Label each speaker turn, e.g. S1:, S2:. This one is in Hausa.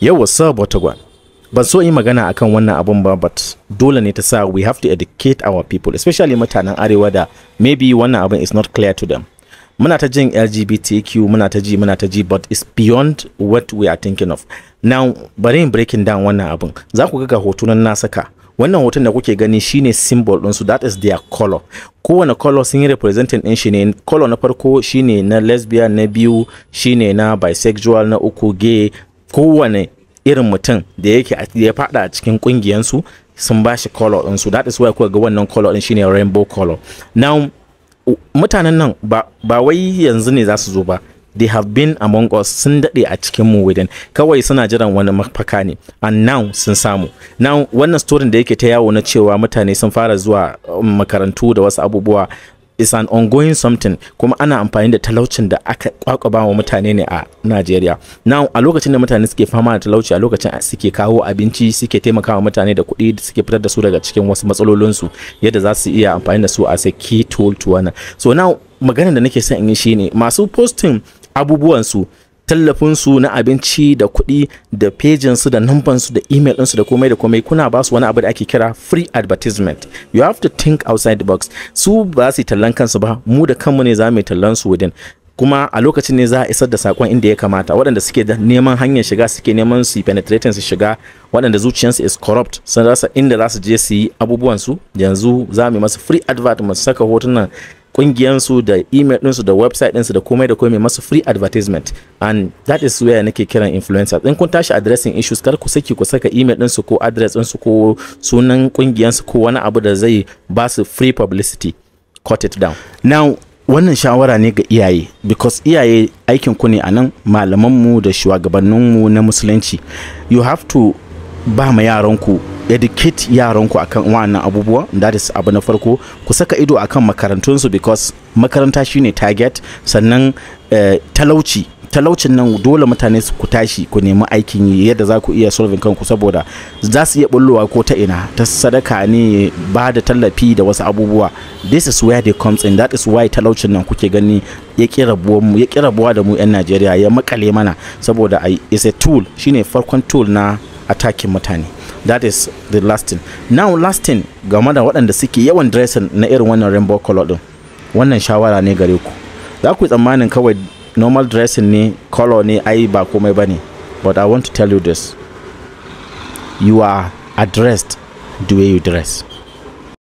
S1: yau what's up ban so yi magana akan wannan abun ba but dole ne ta sa we have to educate our people especially mutanen arewa da maybe wannan abun is not clear to them muna ta jin lgbtq muna ta ji muna ta ji but it's beyond what we are thinking of now bari in breaking down wannan abun za ku ga hotunan na saka wannan hoton da kuke gani shine symbol din su that is their color kowane color sun yi representing din shi ne color na farko shine na lesbian na biyu shine na bisexual na uku gay kowane irin mutum da yake ya fada a cikin kungiyansu sun ba shi color ɗinsu that is why kuka ga wannan color ɗin shine rainbow color now mutanen nan ba wai yanzu ne za su zo ba they have been among us sun daɗe a cikin mu within kawai suna jiran wani mafaka ne and now sun samu now wannan story da yake ta yawo na cewa mutane sun fara zuwa um, makarantu da wasu abubuwa is an ongoing something kuma ana amfani da talaucin da aka kwakwaba wa mutane ne a Najeriya now a lokacin da mutane suke fama da talauci a lokacin suke kawo abinci suke taimakawa mutane da kuɗi suke fitar da su daga cikin wasu matsalolin su yadda za su iya amfani da su a sai key tool to wannan so now maganar da nake son in yi shine masu posting abubuwan su tallafin su na abinci da kuɗi da pejinsu da su da email ɗinsu da komai da komai kuna ba su wani abu da ake kira free advertisement you have to think outside the box su ba su tallan kansu ba mu da kanmu ne za mu tallan su within kuma a lokacin ne za a isar da sakon inda ya kamata waɗanda suke da neman hanyar shiga suke neman su penetrating su shiga waɗanda zuciyarsu is corrupt sun rasa inda za su je su yi abubuwansu yanzu za mu yi masu free advert mu saka hotunan kungiyansu da email ɗinsu da website ɗinsu da komai da komai masu free advertisement and that is where nake kiran influencers in kun tashi addressing issues kar ku saki ku saka email ɗinsu ko address ɗinsu ko sunan kungiyansu ko wani abu da zai ba su free publicity cut it down now wannan shawara ne ga iyaye because iyaye aikin ku ne a nan malamanmu da shugabanninmu na musulunci you have to ba ma yaranku educate yaranku akan wannan abubuwa that is abu na farko ku saka ido akan su because makaranta shine target sannan eh, talauci talaucin nan dole mutane ku tashi ku nemi aikin yi yadda za ku iya solving kanku saboda za su iya bullowa ko ta ina ta sadaka ne ba da tallafi da wasu abubuwa this is where they comes in that is why talaucin nan kuke gani ya ƙi rabuwa da mu 'yan najeriya ya makale mana saboda is a tool shine farkon tool na attacking mutane that is the last thing now last thing game da waɗanda suke yawan dressing na irin wannan rainbow color din wannan shawara ne gare ku za ku tsammanin kawai normal dressing ne color ne ai ba komai bane but i want to tell you this you are addressed the way you dress